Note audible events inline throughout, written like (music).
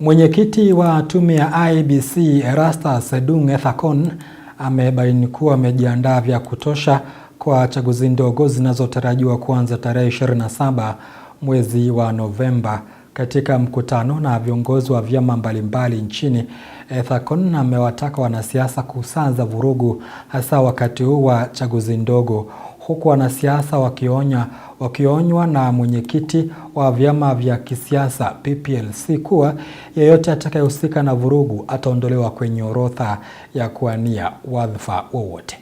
Mwenyekiti wa tume ya IEBC Erastus Edung' Ethakon amebaini kuwa amejiandaa vya kutosha kwa chaguzi ndogo zinazotarajiwa kuanza tarehe 27 mwezi wa Novemba. Katika mkutano na viongozi wa vyama mbalimbali nchini, Ethakon amewataka wanasiasa kusaza vurugu hasa wakati huu wa chaguzi ndogo huku wanasiasa wakionya, wakionywa na mwenyekiti wa vyama vya kisiasa PPLC kuwa yeyote atakayehusika na vurugu ataondolewa kwenye orodha ya kuania wadhifa wowote.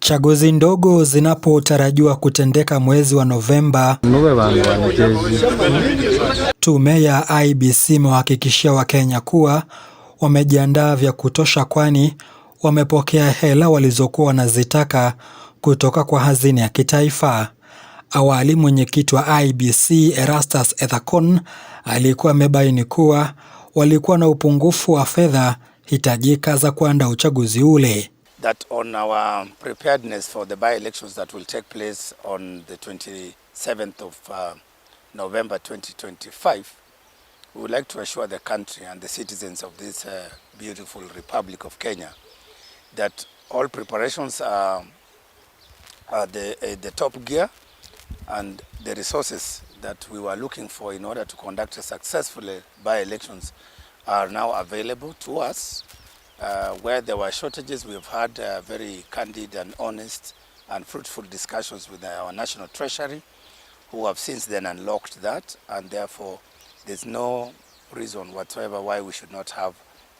Chaguzi ndogo zinapotarajiwa kutendeka mwezi wa Novemba, tume ya IEBC imewahakikishia Wakenya kuwa wamejiandaa vya kutosha, kwani wamepokea hela walizokuwa wanazitaka kutoka kwa hazina ya kitaifa. Awali mwenyekiti wa IEBC Erastus Ethakon alikuwa amebaini kuwa walikuwa na upungufu wa fedha hitajika za kuandaa uchaguzi ule. That on our preparedness for the by-elections that will take place on the 27th of uh, November 2025, we would like to assure the country and the citizens of this uh, beautiful Republic of Kenya that all preparations are uh, the, uh, the top gear and the resources that we were looking for in order to conduct successfully by-elections are now available to us. Uh, where there were shortages, we've had uh, very candid and honest and fruitful discussions with our National Treasury, who have since then unlocked that, and therefore there's no reason whatsoever why we should not have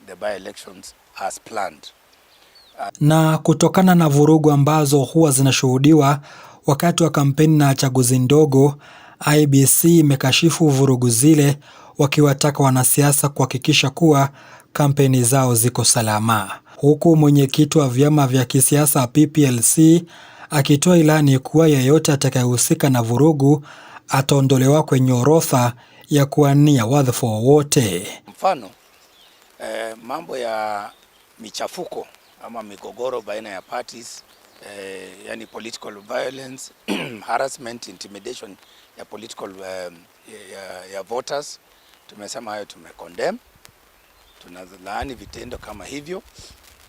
the by-elections as planned. Na kutokana na vurugu ambazo huwa zinashuhudiwa wakati wa kampeni na chaguzi ndogo, IEBC imekashifu vurugu zile, wakiwataka wanasiasa kuhakikisha kuwa kampeni zao ziko salama, huku mwenyekiti wa vyama vya kisiasa PPLC akitoa ilani kuwa yeyote atakayehusika na vurugu ataondolewa kwenye orodha ya kuwania wadhifa wowote. Mfano eh, mambo ya michafuko ama migogoro baina ya parties eh, yani political violence (clears throat) harassment, intimidation ya political um, ya, ya voters. Tumesema hayo, tumecondemn, tunalaani vitendo kama hivyo,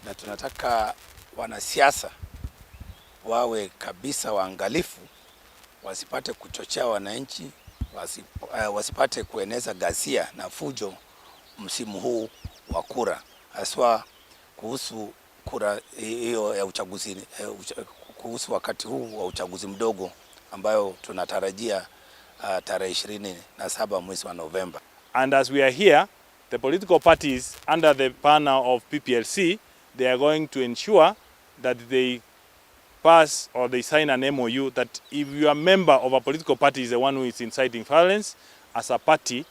na tunataka wanasiasa wawe kabisa waangalifu, wasipate kuchochea wananchi wasip, uh, eh, wasipate kueneza ghasia na fujo msimu huu wa kura, haswa kuhusu kura hiyo ya uchaguzi eh, kuhusu wakati huu wa uchaguzi mdogo ambayo tunatarajia uh, tarehe ishirini na saba mwezi wa Novemba. And as we are here the political parties under the banner of PPLC they are going to ensure that they pass or they sign an MOU that if you are a member of a political party is the one who is inciting violence as a party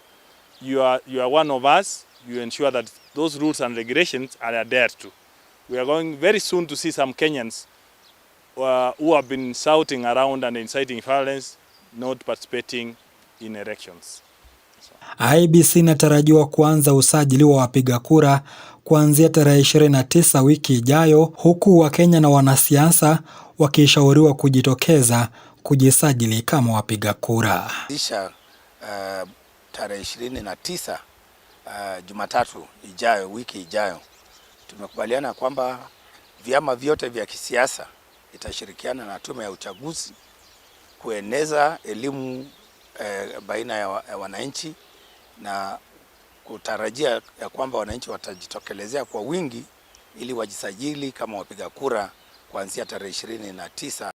you are, you are one of us you ensure that those rules and regulations are adhered to We are going very soon to see some Kenyans uh, who have been shouting around and inciting violence not participating in elections. So. IBC inatarajiwa kuanza usajili wa wapiga kura kuanzia tarehe 29 wiki ijayo, huku Wakenya na wanasiasa wakishauriwa kujitokeza kujisajili kama wapiga kura. Isha uh, tarehe 29 uh, Jumatatu ijayo, wiki ijayo tumekubaliana kwamba vyama vyote vya kisiasa itashirikiana na tume ya uchaguzi kueneza elimu eh, baina ya wananchi na kutarajia ya kwamba wananchi watajitokelezea kwa wingi ili wajisajili kama wapiga kura kuanzia tarehe ishirini na tisa.